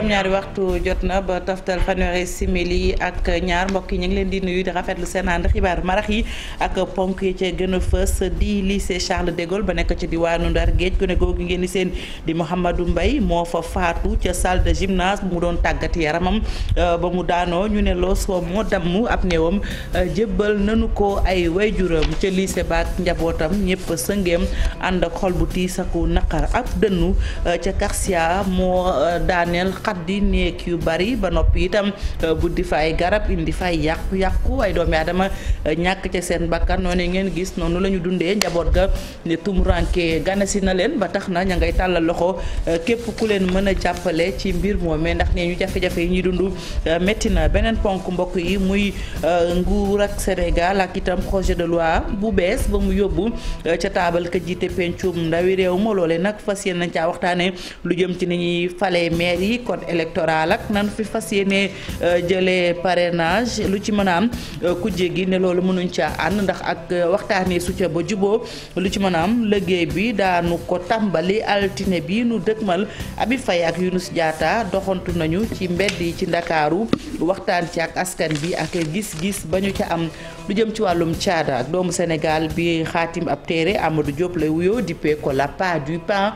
juróom-ñaari waxtu jot na ba taftal fanweeri simili ak ñaar mbokk yi ñu ngi leen di nuyu di rafetlu seen ànd xibaar marax yi ak ponk yi ca gën a fës di lycée Charles de Gaulle ba nekk ci diwaanu Ndar géej gone googu ngeen di seen di Mouhamadou Mbaye moo fa faatu ca salle de gymnase bu mu doon tàggat yaramam euh, ba mu daanoo ñu ne loos moo damm ab néewam euh, jëbal nanu ko ay wayjuram ca lycée baak njabootam ñëpp sëngeem ànd ak xol bu tiis ak naqar ab dënnu euh, ca xat di néeg yu bari ba noppi itam euh, di fa ay garab indi fa ay yàqu-yàqu ay doomi dama euh, ñàkk ca seen bakkan noonu ngeen gis noonu la ñu dundee njaboot ga ne tumuranke ganasi na leen ba tax na ña ngay tàllal loxo euh, képp ku leen mën a jàppale ci mbir moomee ndax nee ñu jafe-jafe yi ñuy dund métti na beneen ponk mbokk yi muy nguur ak Sénégal ak itam projet de loi bu bees ba mu yóbbu ca taabal ka jiite pencum ndawi réew ma loole nag fas yéen nañ code électoral ak nan fi fas yéene euh, jële parrainage lu ci mën a am euh, kujje gi ne loolu mënuñ caa ànd ndax ak euh, waxtaanee su ca ba juboo lu ci mën a am liggéey bi daanu ko tàmbali altine bi nu dëkkmal Habib Faye ak Younous Diatta doxantu nañu ci mbedd yi ci Ndakaaru waxtaan ci ak askan bi ak gis-gis ba ñu ca am lu jëm ci wàllum caada ak doomu Sénégal bi xaatim ab téere Amadou Diop lay wuyoo dippee ko la du pain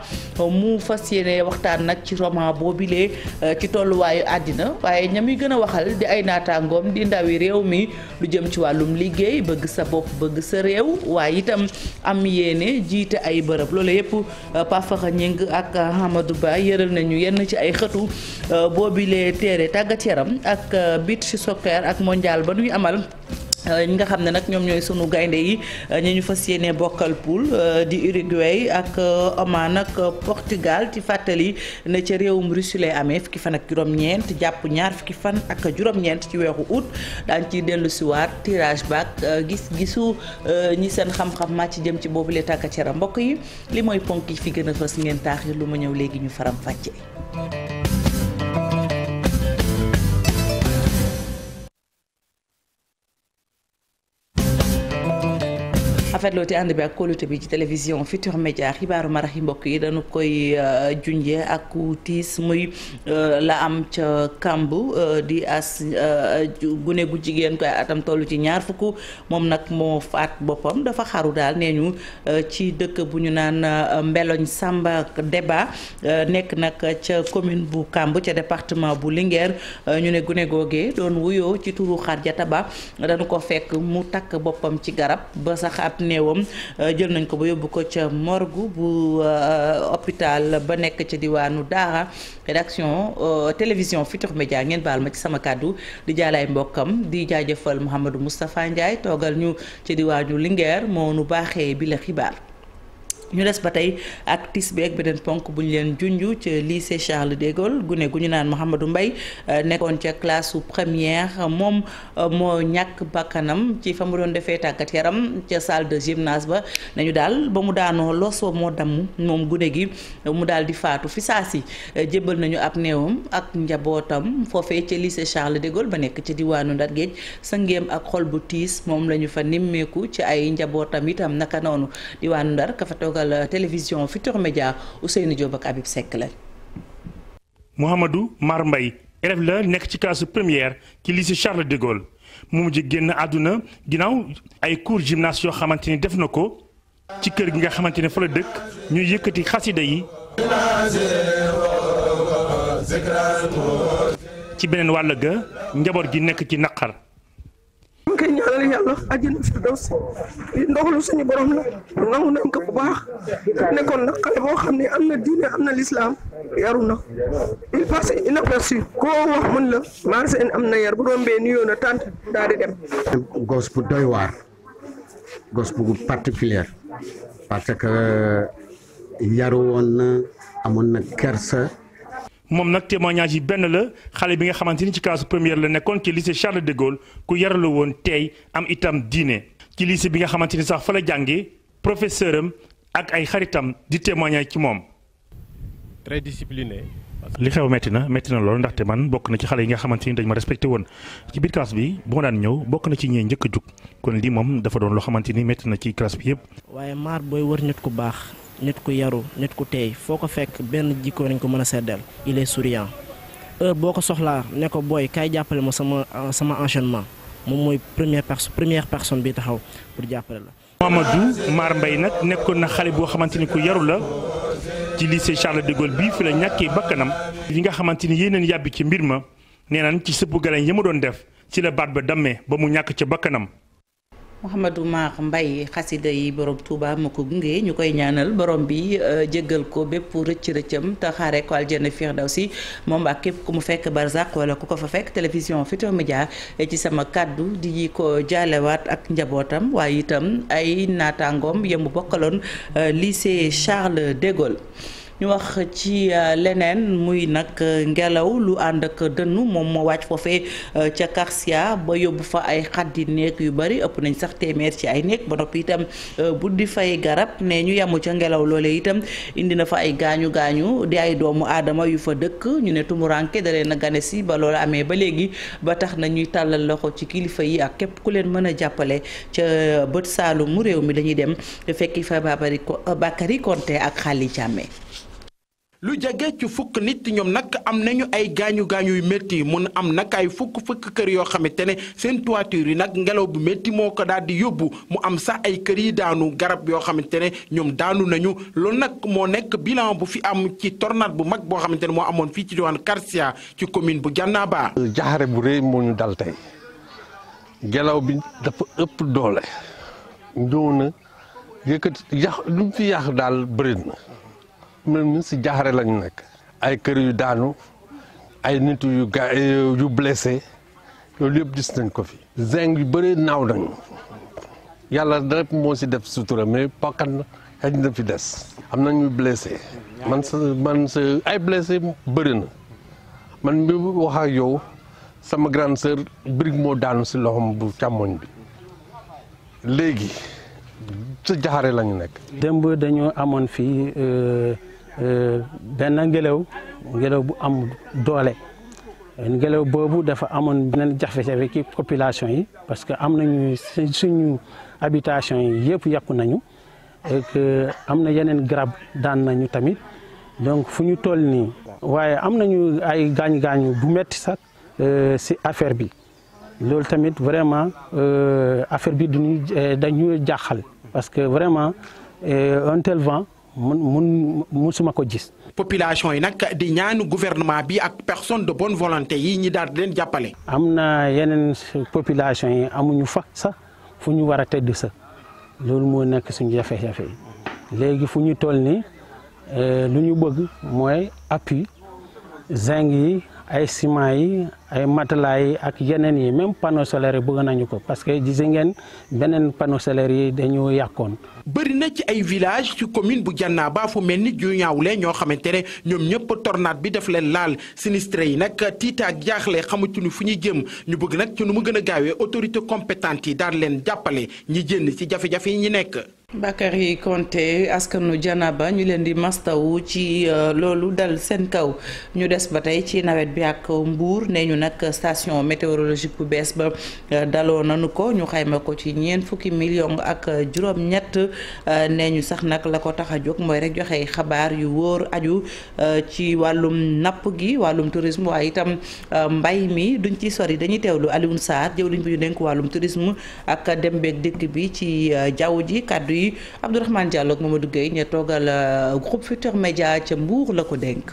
mu fas yéene waxtaan nag ci roman boobilee euh, ci tolluwaayu àddina waaye ña muy gën a waxal di ay naataangoom di ndawi réew mi lu jëm ci wàllum liggéey bëgg sa bopp bëgg sa réew waaye itam am yéene jiite ay bërëb loolu yëpp euh, Pafaxa Ñing ak Amadou Ba yëral nañu yenn ci ay xëtu euh, boobilee téere tàggat yaram ak beach soccer ak mondial ba nuy amal Euh, ñi nga xam ne nag ñoom ñooy sunu gaynde yi euh, ñu ñu fas yéene bokkal poule euh, di Uruguay ak Oman ak Portugal ci fàttali ne ca réewum Russie lay amee fukki fan ak juróom-ñeent jàpp ñaar fukki fan ak juróom-ñeent ci weeru ut daan ciy dellu siwaat tirage baak gis-gisu ñi seen xam-xam màcc jëm ci boobu lee tàggat yaram mbokk yi li mooy ponk yi fi gën a fës ngeen taax yi lu ma ñëw léegi ñu faram fàccee. rafetloo te ànd bi ak kóolute bi ci télévision Futur Média xibaaru marax yi mbokk yi dañu koy euh, junjee ak ku tiis muy euh, la am ca kamb euh, di as gune gu jigéen koy atam tollu ci ñaar fukk moom nag moo faat boppam dafa xaru daal nee ñu ci dëkk bu ñu naan Mbeloñ Samba Deba nekk nag ca commune bu kamb ca département bu Linguère ñu ne gune googee doon wuyoo ci turu Xarjata Ba dañu ko fekk mu takk boppam ci garab ba sax ab ne néewam euh, jël nañ ko ba yóbbu ko ca morgue bu euh, hôpital ba nekk ca diwaanu Daara rédaction euh, télévision Futur Média ngeen baal ma ci sama kàddu di jaalaay mbokkam di jaajëfal Mouhamadou Moustapha Ndiaye toogal ñu ca diwaanu Linguère moo nu baaxee bi xibaar ñu des ba tey ak tis bi ak beneen ponk bu ñu leen junj ca lycée Charles de Gaulle gune gu ñu naan Mouhamadou mbay euh, nekkoon ca classe su première moom euh, moo ñàkk bakkanam ci fa mu doon defee tàggat yaram ca salle de gymnase ba nañu daal ba mu daanoo los wa moo damm moom gune gi mu dal di faatu fi saa si euh, jébbal nañu ab néewam ak njabootam foofee ca lycée Charles de Gaulle ba nekk ca diwaanu Ndar Géej sëngeem ak xol bu tiis moom la ñu fa nimmeeku ci ay njabootam itam naka nataal télévision Futur Média Ousseynou Diop ak Habib Seck la. Mouhamadou Mar Mbaye élève la nekk ci classe première ci lycée Charles de Gaulle mu ji génn àdduna ginnaaw ay cours gymnase yoo xamante ni def na ko ci kër gi nga xamante ne fa la dëkk ñu yëkkati xasida yi. ci beneen wàll ga njaboot gi nekk ci naqar. yàlla àjjana fi daw si ndoxalu suñu borom la nangu nañ ko bu baax nekkoon nag xale boo xam ne am na diine am na lislaam yaru na il passe inaperçu koo wax mën la marsen am na yar bu doon mbee nuyoo na tànt daal dem gos bu doy waar gos bu particulier parce que yaru woon na amoon na kers moom nag témoignage yi benn la xale bi nga xamante ni ci classe première la nekkoon ci lycée Charles de Gaulle ku yar la woon teey am itam diine ci lycée bi nga xamante ni sax fa la jàngee professeur am ak ay xaritam di témoignage ci moom. très discipliné. li xew métti na métti na loolu ndaxte man bokk na ci xale yi nga xamante ni dañ ma respecté woon ci biir classe bi bu ma daan ñëw bokk na ci ñee njëkk a jug kon lii moom dafa doon loo xamante ni métti na ci classe bi yëpp. waaye maar baax. nit ku yaru nit ku teey foo ko fekk benn jikko nañ ko mën a seddeel il est souriant heure boo ko soxlaa ne ko booy kaay jàppale ma sama euh, sama enchaînement moom mooy première personne première personne bi taxaw pour jàppale la. Mamadou Mar mbay nag nekkoon na xale boo xamante ni ku yaru la ci lycée Charles de Gaulle bii fi la ñàkkee bakkanam yi nga xamante ni yéeneen yàbbi ci mbir ma nee naan ci sëpp galañ yi ma doon def ci la baat ba dammee ba mu ñàkk ca bakkanam. Mouhamadou Mar Mbaye xasida yi borom Touba ma ko gunge ñu koy ñaanal borom bi euh, jéggal ko bépp rëcc rëccam te xaare ko aljana firdawsi moom ak képp ku mu fekk barzak wala ku ko fa fekk télévision Futurs Médias e ci sama kàddu di ko jaalewaat ak njabootam waaye itam ay naataangoom yemu bokkaloon euh, lycée Charles de Gaulle ñu wax ci euh, leneen muy nag euh, ngelaw lu ànd ak dënnu moom moo wàcc foofee euh, ca Karsia ba yóbbu fa ay xaddi néeg yu bari ëpp nañ sax téeméer ci ay néeg ba noppi itam bu di fay garab ne ñu yamu ca ngelaw loolee itam indi na fa ay gaañu gaañu di ay doomu aadama yu fa dëkk ñu ne tumuranke da leen a gane si ba loolu amee ba léegi ba tax na ñuy tàllal loxo ci kilifa yi ak képp ku leen mën a jàppale ca bët mu réew mi dañuy dem fekki fa Bakary Konté ak Xali Jàmme lu jege ci fukk nit ñoom nag am nañu ay gaañu gaañu yu métti mun am nag fukk fukk kër yoo xamante ne seen toiture yi nag ngelaw bu métti moo ko daal di yóbbu mu am sax ay kër yi daanu garab yoo xamante ne ñoom daanu nañu loolu nag moo nekk bilan bu fi am ci tornade bu mag boo xamante ne moo amoon fii ci diwaan Karsia ci commune bu Diannaba. jaxare bu rëy moo ñu dal tey ngelaw bi dafa ëpp doole. ñëw na yëkkati yàq lu mu fi yàq daal bëri na. ñun si jaaxare lañu nekk ay kër yu daanu ay nit yu ga eh, yu blessé loolu yëpp gis nañ ko fi zinc yu bëri naaw nañ yàlla rek moo si def sutura mais pakkan xëj na fi des am na ñu blessé man sa man sa ay blessé bëri na man mi wax yow sama grande sœur brique moo daanu si loxom bu càmmooñ bi léegi sa jaxare la nekk démb dañoo amoon fii euh, Euh, benn ngelaw ngelaw bu am doole ngelaw boobu dafa amoon beneen jafe-jafe ki population yi parce que am nañu suñu habitation yi yëpp yàqu nañu et am na yeneen garab daan nañu tamit donc fu ñu toll nii am nañu ay gaañ-gaañu bu metti sax si euh, affaire bi loolu tamit vraiment euh, affaire bi duñu dañu jaaxal parce que vraiment un tel vent mun mun musuma ko gis. population yi nag di ñaanu gouvernement bi ak personne de bonne volonté yi ñi daal di leen jàppale. am na yeneen population yi amuñu fa sax fu ñu war a tëdd sa loolu moo nekk suñu jafe-jafe yi léegi fu ñu toll nii eh, lu ñu bëgg mooy appui. zinc yi ay ciment yi ay matelas yi ak yeneen yi même panneau solaire yi bëgg nañu ko parce que gis ngeen beneen panneau solaire yi dañu yàqoon. bëri na ci ay village ci commune bu Diannaba fu mel ni ju ñaawle ñoo xamante ne ñoom ñëpp tornade bi daf leen laal sinistre yi nag tiit ak jaaxle xamatuñu fu ñuy jëm ñu bëgg nag ci nu mu gën a gaawee autorité compétente yi daal leen jàppale ñi jënd ci jafe-jafe yi ñu nekk. Bakary Konté askanu Janaba ñu leen di mastawu ci euh, loolu dal seen kaw ñu des ba tey ci nawet bi ak mbuur nee ñu nag station météorologique bu bees ba euh, daloo nanu ko ñu xayma ko ci ñeent fukki million ak juróom-ñett euh, nee ñu sax nag la ko tax a jóg mooy rek joxe xabaar yu wóor aju ci wàllum napp gi wàllum tourisme waaye itam mbay mi duñ ci sori dañuy teewlu Alioune Sarr jëwriñ bi ñu dénk wàllum tourisme ak dem beeg dëkk bi ci jaww ji kàddu yi. yi Abdourahmane Diallo ak Mamadou Gueye ña toogal euh, groupe Futurs Médias ca Mbour la ko dénk.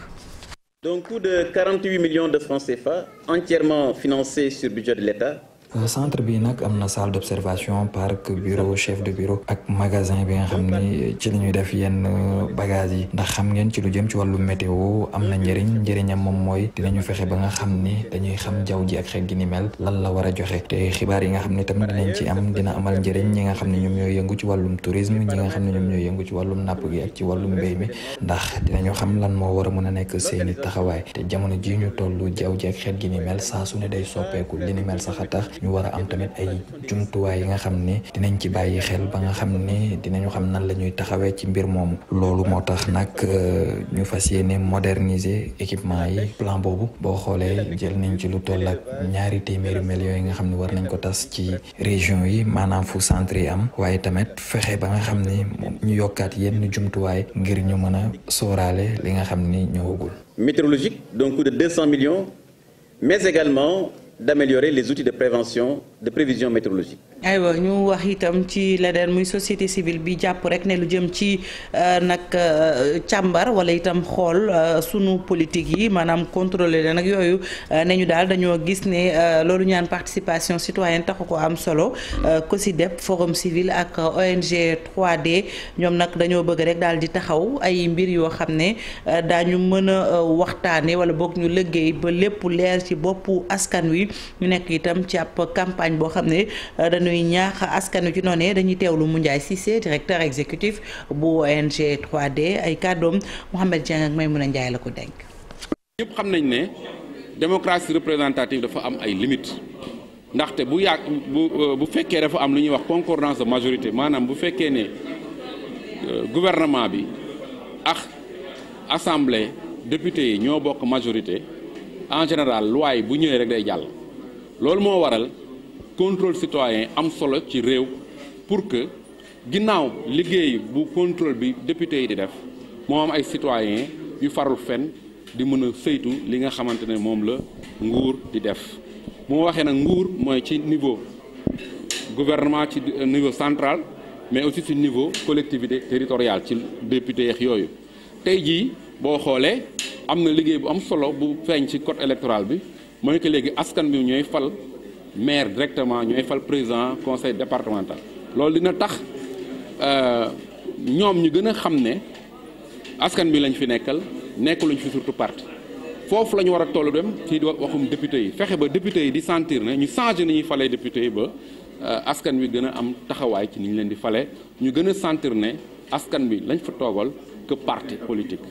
d'un coût de 48 millions de francs CFA entièrement financé sur budget de l'État Euh, centre bi nag am na salle d'observation parc bureau chef de bureau ak magasin bi nga xam ni ci la ñuy def yenn euh, bagages yi ndax xam ngeen ci lu jëm ci wàllu météo am na njëriñ njëriñam moom mooy dinañu fexe ba nga xam ni dañuy xam jaww ji ak gi ni lan la war a joxe te xibaar yi nga xam ne tamit dinañ ci am dina amal njëriñ ñi nga xam ne ñoom ñooy yëngu ci wàllum tourisme ñi nga xam ne ñoom ñooy yëngu ci wàllum napp gi ak ci wàllum mbéy mi ndax dinañu xam lan moo war a mën a nekk seeni taxawaay te jamono ji ñu tollu jaww ji ak xeet ginimel ni saa su ne day soppeeku li sax a tax ñu war a am tamit ay jumtuwaay yi nga xam ne dinañ ci bàyyi xel ba nga xam ne dinañu xam nan la ñuy taxawee ci mbir moom loolu moo tax nag euh, ñu fas yéene moderniser équipement yi plan boobu boo xoolee jël nañ ci lu toll ñaari téeméeri millions yi nga xam ne war nañ ko tas ci région yi maanaam fu centre yi am waaye tamit fexe ba nga xam ne ñu yokkaat yenn jumtuwaay ngir ñu mën a sóoraale li nga xam ni ñëwagul météorologique d'un coût de millions mais d'améliorer les outils de prévention de prévision météorologique. aywa ñu wax itam ci leneen muy société civile bi jàpp rek ne lu jëm ci euh, nag euh, càmbar wala itam xool euh, sunu politique yi maanaam contrôler leen ak yooyu ne ñu daal dañoo gis ne loolu ñaan participation citoyenne taxu ko am solo COSIDEP forum civil ak ONG 3 ñoom nag dañoo bëgg rek daal di taxaw ay mbir yoo xam ne daañu mën a waxtaane wala boog ñu liggéey ba lépp leer ci boppu askan wi. ñu nekk itam ci ab campagne boo xam ne euh, dañuy ñaax askan wi ci noonu dañuy teewlu Moundiaye Cissé directeur exécutif bu ONG 3D ay kàddoom Mouhamed Dieng ak Maymouna Ndiaye la ko denk ñëpp xam nañ ne démocratie représentative dafa am ay limites ndaxte bu yàgg bu euh, bu fekkee dafa am lu ñuy wax concordance de majorité maanaam bu fekkee ne euh, gouvernement bi ak assemblée député yi ñoo bokk majorité en général loi bu ñëwee rek day jàll. loolu moo waral contrôle citoyen am solo ci réew pour que ginnaaw liggéey bu contrôle bi député yi di def moo am ay citoyen yu farul fen di mën a saytu li nga xamante ne moom la nguur di def moo ma waxee nag nguur mooy ci niveau gouvernement ci niveau central mais aussi ci niveau collectivité territoriale ci député yeex yooyu tey jii boo xoolee am na liggéey bu am solo bu feeñ ci code électoral bi mooy que léegi askan bi ñooy fal maire directement ñooy fal président conseil départemental loolu dina tax euh, ñoom ñu gën a xam ne askan bi lañ fi nekkal nekkaluñ fi surtout parti foofu la ñu war a toll dem ci waxum député yi fexe ba député yi di sentir ne ñu changé nañuy fale falee député yi ba euh, askan wi gën am taxawaay ci ni ñu leen di fale ñu gën a sentir ne askan bi lañ fa toogal que parti politique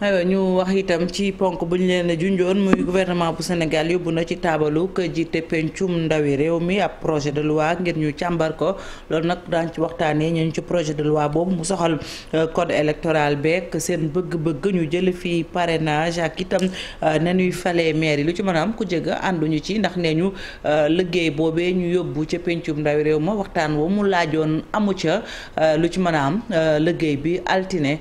aywa ñu wax itam ci ponk bu ñu leen junjoon muy gouvernement bu Sénégal yóbbu na ci taabalu ko jiite pencum ndawi réew mi ab projet de loi ngir ñu càmbar ko loolu nag daan ci waxtaanee ñu ci projet de loi boobu mu soxal euh, code électoral beeg seen bëgg-bëgg ñu jël fii parrainage ak itam euh, na ñuy fale maire lu ci mën a am ku jëgg ànduñu ci ndax nee ñu euh, liggéey boobee ñu yóbbu ca pencum ndawi réew ma waxtaan woo mu laajoon amu ca lu ci mën a am liggéey bi altine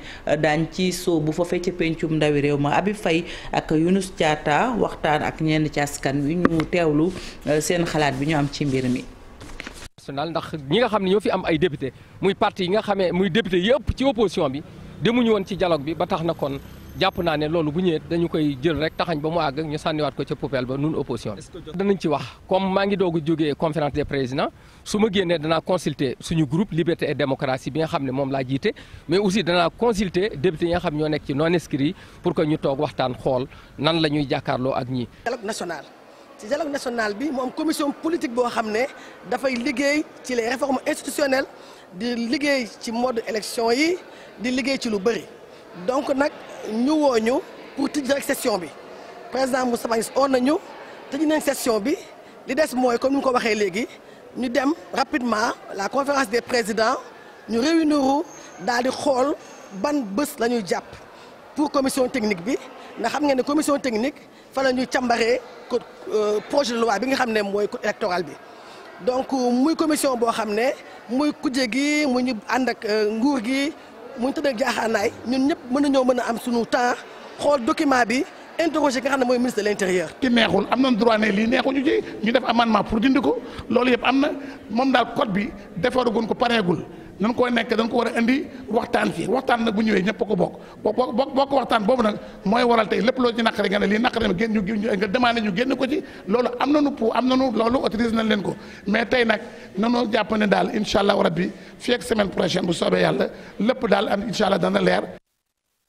pencum ndawi réew ma Habib Faye ak Younous Diatta waxtaan ak ñenn ci askan wi ñu teewlu euh, seen xalaat bi ñu am ci mbir mi. national ndax ñi nga xam ne ñoo fi am ay député muy parti yi nga xamee muy député yëpp ci opposition bi demuñu woon ci dialogue bi ba tax na kon. jàpp naa ne loolu bu ñëwee dañu koy jël rek taxañ ba mu àgg ñu sànniwaat ko ca poubelle ba nun opposition bi danañ ci wax comme maa ngi doog a jógee conférence des su ma génnee danaa consulter suñu groupe liberté et démocratie bi nga xam ne moom laa jiite mais aussi danaa consulter député yi nga xam ñoo nekk ci non inscrits pour que ñu toog waxtaan xool nan la ñuy jàkkaarloo ak ñii dialogue national ci dialogue bi mu am commission boo xam ne dafay liggéey ci les réformes institutionnelles di liggéey ci mode élection yi di liggéey ci lu bëri donc nag ñu woo ñu pour tijji rek session bi président Moussa Bañes on nañu tijji nañ session bi li des mooy comme ni mu ko waxee léegi ñu dem rapidement la conférence de président ñu réunir daal di xool ban bés la ñuy jàpp pour commission technique bi ndax xam ngeen ne commission technique fa la ñuy càmbaree code euh, projet de loi bi nga xam ne mooy code électoral bi donc euh, muy commission boo xam ne muy kuje gi mu ñu ànd ak euh, nguur gi. muñ tëddee jaaxaanaay ñun ñëpp mën nañoo mën a am suñu temps xool document bi interroger nga xam mooy ministre de l'intérieur. ki neexul am na droit ne lii neexuñu ci ñu def amendement pour dindi ko loolu yëpp am na moom daal code bi defarugun ko pareegul. nan ko nekk dañ ko war a indi waxtaan fii waxtaan nag bu ñëwee ñëpp ko bokk boo boo ko waxtaan boobu nag mooy waral tey lépp loo ci naqari nga ne lii naqari ko ci loolu am nañu pour am nañu loolu ko mais tey nag nanoo jàpp ne daal incha allah rabbi fii ak semaine prochaine bu soobee yàlla lépp daal am incha allah dana leer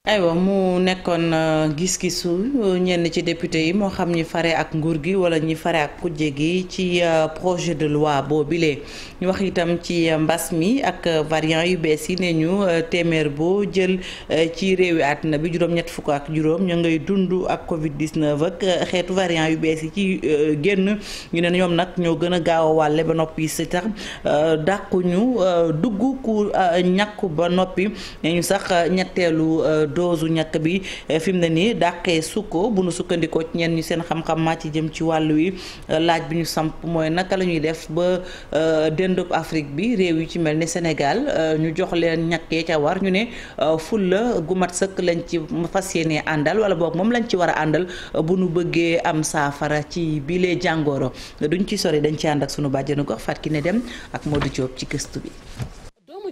aywa mu nekkoon euh, gis-gisu euh, ñenn ci député yi moo xam ñi fare ak nguur gi wala ñi fare ak kujje gi ci euh, projet de loi boobile ñu wax itam ci mbas mi ak variant yu bees yi ne ñu téeméer boo jël ci réewi àddina bi juróom-ñett fukk ak juróom ñu ngay dund ak Covid 19 ak xeetu variant yu bees yi ci génn ñu ne ñoom nag ñoo gën a gaaw a wàlle ba noppi si tax dàqu ñu dugg ku ñàkku ba noppi ne ñu sax ñetteelu. doosu ñàkk bi eh, fi mu ne nii dàqee sukko bu nu sukkandikoo ci ñenn ñu seen xam-xam ci jëm ci wàll wi eh, laaj bi ñu samp mooy naka la ñuy def ba eh, dendop Afrique bi réew yu ci mel ni Sénégal ñu jox leen ñàkkee ca war ñu ne fulla gu mat sëkk lañ ci fas yéenee àndal wala boog moom lañ ci war a àndal bu nu bëggee am saafara ci bilee jàngoro duñ ci sori dañ ci ànd ak sunu bàjjenu gox Fatou ne dem ak Modou Diop ci gëstu bi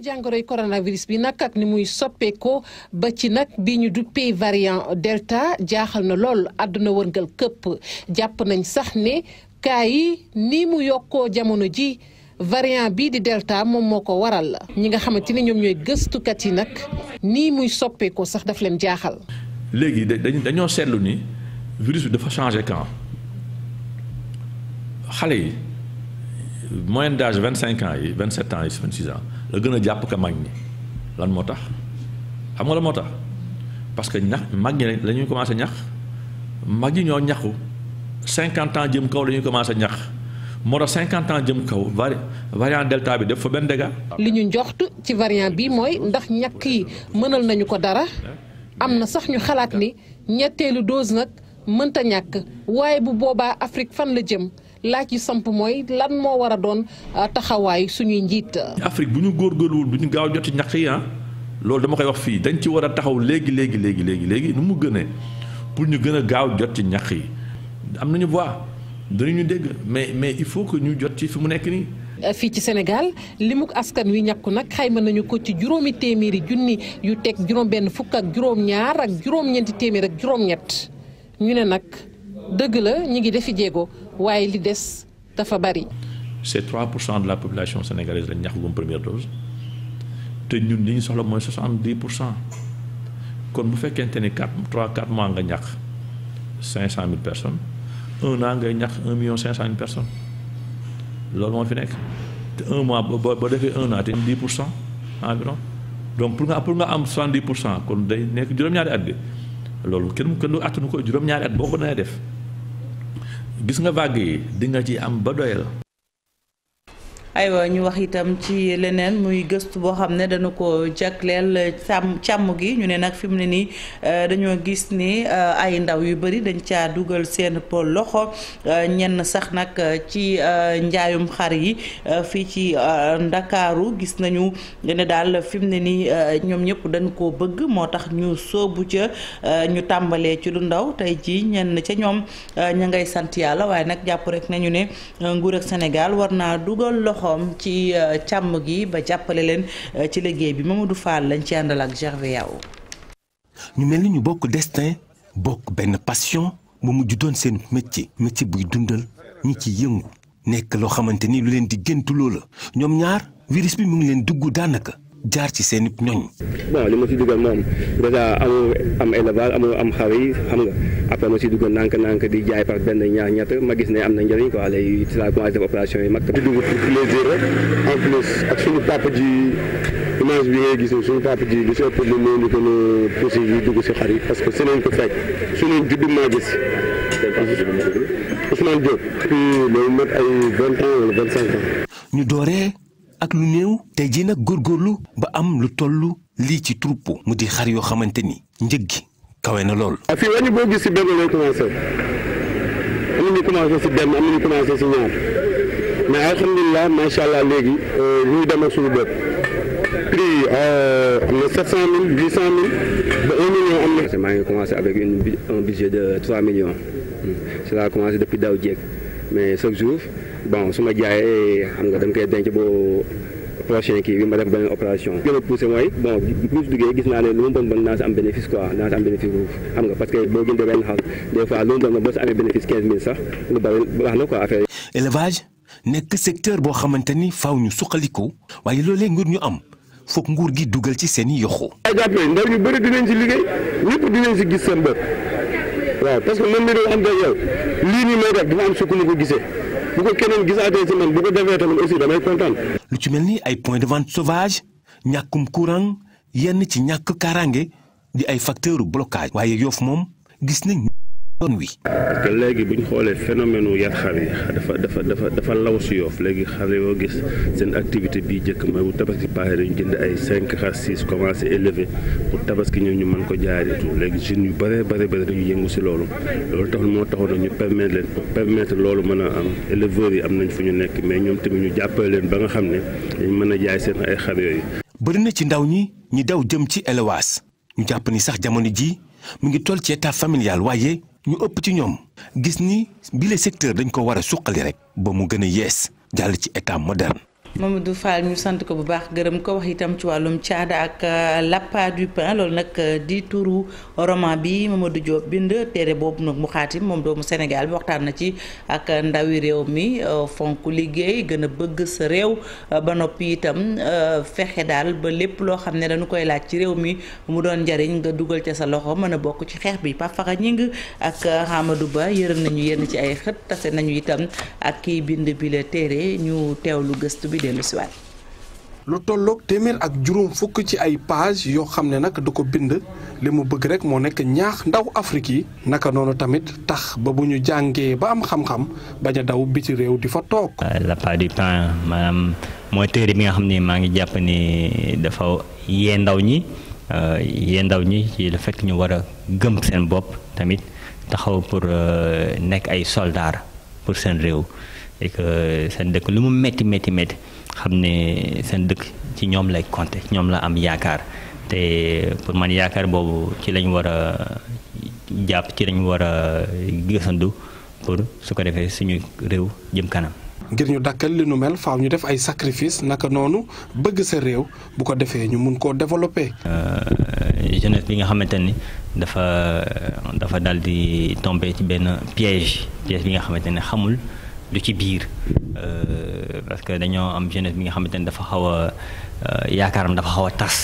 doomu jàngoroy coronavirus bi nag ak ni muy soppeekoo ba ci nag bi ñu duppee variant delta jaaxal na lool àdduna wërngal këpp jàpp nañ sax ne kaa yi nii mu yokkoo jamono ji variant bii di delta moom moo ko waral ñi nga xamante ni ñoom ñooy gëstukat yi nag nii muy soppeekoo sax daf leen jaaxal. léegi dañoo seetlu ni virus bi dafa changé camp xale yi moyenne d'âge vingt cinq ans yi vingt sept ans yi vingt six ans. la gën a jàpp ko mag ñi lan moo tax xam nga la moo tax parce que ñax mag ñi la ñuy commencé ñax mag ñi ñoo ñaxu cinquante ans jëm kaw la ñuy commencé ñax moo tax cinquante ans jëm kaw vari variant delta bi def fa benn dégât. li ñu njoxtu ci variant bi mooy ndax ñàkk yi mënal nañu ko dara am na sax ñu xalaat ni ñetteelu dose nag mënta ñàkk waaye bu boobaa Afrique fan la jëm. laaj yi samp mooy lan moo war a doon euh, taxawaay suñuy njiit. Afrique bu ñu góor góorgóorluwul bu ñu gaaw a jot ñax yi ah loolu dama koy wax fii dañ ci war a taxaw léegi léegi léegi léegi léegi nu mu gënee pour ñu gën a gaaw jot ñax yi am nañu voix danañu dégg mais mais il faut que ñu jot ci fi mu nekk nii. Euh, fii ci Sénégal limuk askan wi ñàkku nag xayma nañu ko ci juróomi téeméeri junni yu teg juróom benn fukk ak juróom ñaar ak juróom ñeenti téeméer ak juróom ñett ñu ne nag dëgg la ñu ngi defi jéego waaye li des dafa bari. c'est 3 pour cent de la population sénégalaise lañ ñaxagum première dose te ñun li ñu soxla mooy 70 pour cent kon bu fekkente ni 4 3 4 mois nga ñàkk 500 000 personnes un an ngay ñàkk 1 million 500 000 personnes loolu moo fi nekk te un mois boo ba defee un an te 10 pour cent environ donc pour nga pour nga am 70 pour cent kon day nekk juróom-ñaari at bi loolu kenn kenn du attanu ko juróom-ñaari at boo ko nee def. gis nga vagues yi dinga ci am ba doyal aywa ñu wax itam ci leneen muy gëstu boo xam ne dañu ko jagleel càmm càmm gi ñu ne nag fi mu ne nii euh, dañoo gis ni euh, ay ndaw yu bëri dañ caa dugal seen pole loxo euh, ñenn sax nag ci njaayum xar yi fii ci ndakaaru gis nañu ne daal fi mu ne nii ñoom ñëpp dañ koo bëgg moo tax ñu soobu ca ñu tàmbalee ci lu ndaw tey ci ñenn ca ñoom ña ngay sant yàlla waaye nag jàpp rek nañu ne nguur ak Sénégal war naa dugal loxo loxoom ci euh, càmm gi ba jàppale leen euh, ci liggéey bi Mamadou Fall lañ ci àndal ak Gervais Yao ñu mel ni ñu bokk destin bokk benn passion mu mujj doon seen métier métier buy dundal ñi ci yëngu nekk loo xamante ni lu leen di géntu loola ñoom ñaar virus bi mu ngi leen dugg daanaka jaar ci seen ñoñ. bon li ma si dugal moom dèjà amoo am élevage amoo am xar yi xam nga après ma si dugal nànk-nànk di jaay par benn ñaar ñett ma gis ne am na njëriñ quoi léegi ci laa yi mag. di dugg pour suñu papa ji image bi ngay gis suñu papa ji li si ëpp li moo ñu gën yi dugg si xar yi parce que si lañ ko fekk suñu judd maa gis. Ousmane Diop. depuis loolu mat ay vingt ans wala vingt cinq ans. ñu dooree. ak lu néew tey jii nag góor góorgóorlu ba am lu toll lii ci troupeau mu di xar yoo xamante ni njëg gi kawe na loolu ah, fii wàññi boo gis si benn lay commencé am na ñu commencé si ñaar mais alhamdulilah macha allah léegi euh, ñuy dem ak suñu bopp prix yi euh, am na 700000 800000 ba 1 million am na. maa ngi commencé avec une un budget de 3 millions. Hmm. cela commencé depuis daaw jéeg mais chaque jour. bon su ma jaayee xam nga dama koy denc boo prochain kii bi ma def beneen opération gën a poussé bon bu ñu duggee gis naa ne lu mu bon bon naa si am bénéfice quoi naa si am bénéfice bu xam nga parce que boo boo quinze mille sax lu bari baax na xamante ni faaw ñu suqaliko waaye loolee ngir ñu am foog nguur gi dugal ci seen i yoxu ay jàpp ndaw ñu bëri dinañ si liggéey ñëpp dinañ si gis seen bopp waaw parce que man mi doon am da yow lii nii may def dina am sukk ñu ko gisee bu ko keneen gisaatee si man bu ko tamit aussi damay kontaan. lu ci mel ni ay point de vente sauvage ñàkkum courant yenn ci ñàkk kaaraange di ay facteur blocage waaye yoof moom gis nañ. parce que léegi bu ñu xoolee phénomène wu yar xar yi dafa dafa dafa dafa law si yoof léegi xale yoo gis seen activité bii njëkk mooy bu tabaski paase dañu jënd ay cinq xar six commencé élevé pour tabaski ñoom ñu mën ko jaareetu léegi jeunes yu bëree bëri bëri dañu yëngu si loolu loolu tax moo taxoon ñu permettre leen pour permettre loolu mën a am éleveurs yi am nañ fu ñu nekk mais ñoom tamit ñu jàppale leen ba nga xam ne mën a jaay seen ay xar yooyu. bëri na ci ndaw ñi ñi daw jëm ci élevage ñu jàpp ni sax jamono ji mu ngi toll ci état familial waaye ñu ëpp ci ñoom gis ni bile secteur dañ ko war a suqali rek ba mu gën a yees jàll ci état moderne du Fall ñu sant ko bu baax gërëm ko wax itam ci wàllum caada ak euh, l'appât du pain loolu nag euh, di turu roman bi Mamadou Diop bind téere boobu nag mu xaatim moom doomu Sénégal bi waxtaan na ci ak ndawi réew mi euh, fonk liggéey gën a bëgg sa réew ba noppi itam fexe daal ba lépp loo xam ne dañu koy laaj ci réew mi mu doon njariñ nga dugal ca sa loxo mën a bokk ci xeex bi Pape Faxa Ñing ak Amadou Ba yërëm nañu yenn ci ay xët tase nañu itam ak kiy bind bi la téere ñu teewlu gëstu bi dellu si waat lu tolloog téeméer ak juróom fukk ci ay page yoo xam ne nag du ko bind li mu bëgg rek moo nekk ñaax ndaw Afrique yi naka noonu tamit tax ba bu ñu jàngee ba am xam-xam bañ a daw biti réew di fa toog. Euh, la part du temps maanaam mooy téere bi nga xam ne maa ngi jàpp ni dafa yee ndaw ñi euh, yee ndaw ñi ci le fekk ñu war a gëm seen bopp tamit taxaw pour euh, nekk ay soldaar pour seen réew. et seen dëkk lu mu métti métti métti xam ne seen dëkk ci ñoom lay compter ñoom la am yaakaar te pour man yaakaar boobu ci lañ war a jàpp ci lañu war a gësandu pour su ko defee suñu réew jëm kanam. ngir ñu dakkal li nu mel faaw ñu def ay sacrifice naka noonu bëgg sa réew bu ko defee ñu mun koo développer. Euh, jeunesse bi nga xamante ni dafa dafa dal di tomber ci benn piège piège bi nga xamante ne xamul. du ci biir euh, parce que dañoo am jeunesse bi nga xamante ne dafa xaw a euh, yaakaaram dafa xaw a tas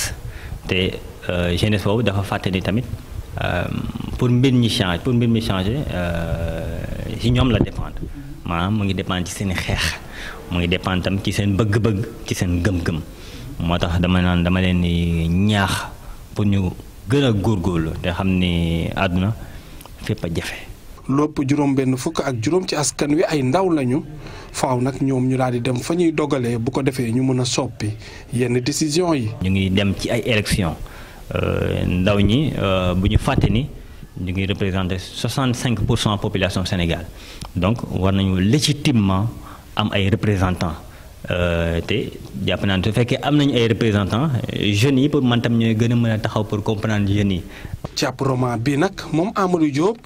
te euh, jeunesse boobu dafa fàtte ni tamit pour mbir mi change pour mbir mi changer ci ñoom la dépendre maanaam mu ngi dépendre ci seen xeex mu ngi dépendre tam ci seen bëgg-bëgg ci seen gëm-gëm moo tax dama naan dama leen di ñaax pour ñu gën a góorgóorlu te xam ni àdduna fépp a jafe. lépp juróom benn fukk ak juróom ci askan wi ay ndaw lañu faaw nag ñoom ñu daal di dem fa ñuy dogalee bu ko defee ñu mën a soppi yenn décision yi. ñu ngi dem ci ay élection euh, ndaw ñi euh, bu ñu fàtte ni ñu ngi représenté 65 pour cent population Sénégal donc war nañu légitimement am ay représentants. Euh, te jàpp naa ne fekkee am nañu ay représentants jeunes yi pour man tam ñooy gën a mën a taxaw pour comprendre jeunes yi. càpp roman bi nag moom Amadou Diop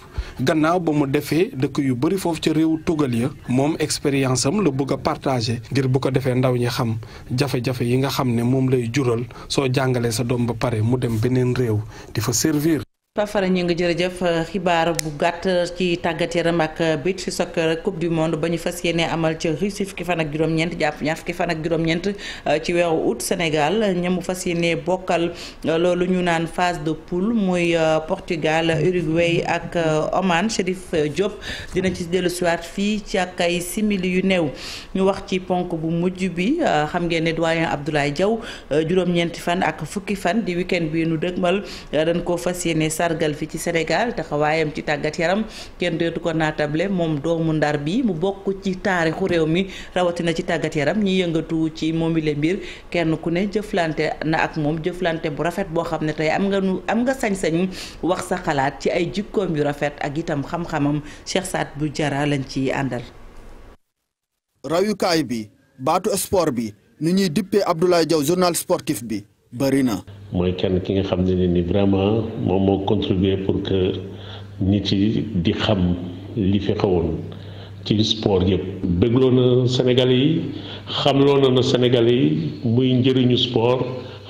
gannaaw ba mu defee dëkk yu bëri foofu ca réew tugal ya moom expérience am la bëgg a partagé ngir bu ko defee ndaw ñi xam jafe-jafe yi nga xam ne moom lay jural soo jàngalee sa doom ba pare mu dem beneen réew di fa servir. Fafara ñu ngi jërëjëf euh, xibaar bu gàtt ci tàggat yaram ak euh, beach soccer coupe du monde ba ñu fas yéene amal ci Russie fukki fan ak juróom-ñeent jàpp ñaar fukki fan ak juróom-ñeent euh, ci weeru août Sénégal ñamu fas yéene bokkal loolu ñu naan phase de poule muy Portugal Uruguay ak Oman Chérif Diop dina ci dellu siwaat fii ci ak ay simili yu néew ñu wax ci ponk bu mujj bi xam ngeen ne doyen Abdoulaye Diaw juróom-ñeenti fan ak fukki fan di week bi nu dëgmal dañ ko fas yéene sargal fi ci Sénégal taxawaayam ci tàggat yaram kenn dootu ko naatable moom doomu ndar bi mu bokk ci taarixu réew mi rawatina ci tàggat yaram ñi yëngatu ci moom moomile mbir kenn ku ne jëflante na ak moom jëflante bu rafet boo xam ne tey am nga am nga sañ-sañ wax sa xalaat ci ay jikkoom yu rafet ak itam xam-xamam Cheikh bu jara lañ ci àndal. rayukaay bi baatu sport bi ni ñuy dippee Abdoulaye Diaw journal sportif bi. bëri na. mooy kenn ki nga xam ne ni vraiment moom moo contribuer pour que nit yi di xam li fi xewoon ci sport yëpp. bégloo na Sénégalais yi xamloo na na Sénégalais yi muy njëriñu sport.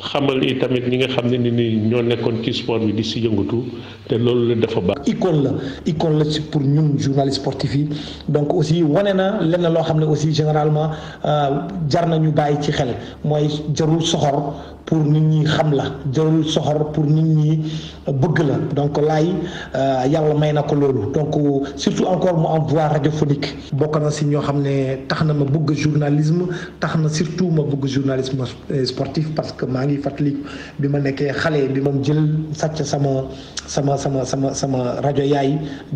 xamal i tamit ñi nga xam ne ni ñoo nekkoon ci sport bi di si yëngatu te loolu la dafa baax. icône la icône la ci pour ñun journaliste sportif yi donc aussi wane na lenn loo xam ne aussi généralement euh, jar na ñu bàyyi ci xel mooy jarul soxor pour nit ñi xam la jarul soxor pour nit ñi bëgg la donc laay euh, yàlla may na ko loolu donc surtout encore mu envoir voix radiophonique. bokk na si ñoo xam ne tax na ma bëgg journalisme tax na surtout ma bëgg journalisme ngi fàttali bi ma nekkee xale bi moom jël sàcc sama sama sama sama sama rajo yaay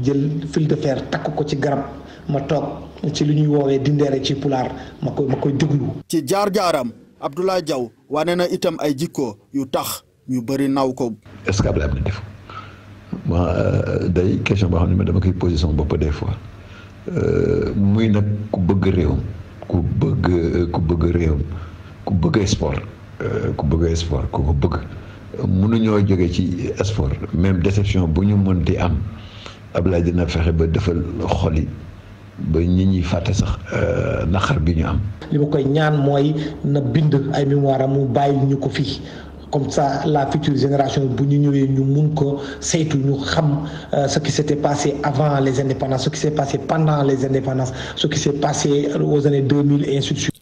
jël fil de fer takk ko ci garab ma toog ci li ñuy woowee dindeere ci pulaar ma koy ma ci jaar-jaaram Abdoulaye Diaw wane na itam ay jikko yu tax ñu bëri naw ko. est-ce que Abdoulaye na def ma euh, day question boo xam ne ma dama koy posé sama bopp des fois euh, muy nag ku bëgg réewam ku bëgg réewam ku bëgg sport Euh, ku bëgg sport ku ko bëgg mënuñoo jóge ci sport même déception bu ñu ti am ab Ablaye dina fexe ba defal xol yi ba ñi ñuy fàtte sax euh, naqar bi ñu am. li ma koy ñaan mooy na bind ay mémoire am mu bàyyi ñu ko fii. comme ça la future génération bu ñu ñëwee ñu mun ko saytu ñu xam euh, ce qui s'était passé avant les indépendances ce qui s'est passé pendant les indépendances ce qui s'est passé aux années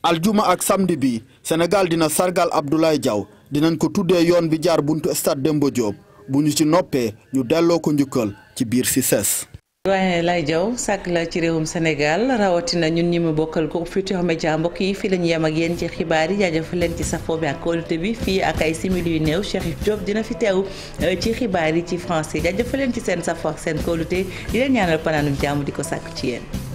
al juma ak samedi bi senegal dina sargal Abdoulaye Diaw dinañ ko tuddee yoon bi jaar buntu stade Demba Diop bu ñu ci noppee ñu delloo ko njukkal ci biir CICES. doyen lay jaw sàkk la ci réewum Sénégal rawatina ñun ñi mu bokkal groupe Futurs Médias mbokk yi fii lañu yem ak yéen ci xibaar yi jaajëfal leen ci safoo bi ak kóolute bi fii ak ay simili yu néew yi Diop dina fi teew euh, ci xibaar yi ci français jaajëfal leen ci seen safoo ak seen kóolute di leen ñaanal jàmm di ko sàkk ci yéen.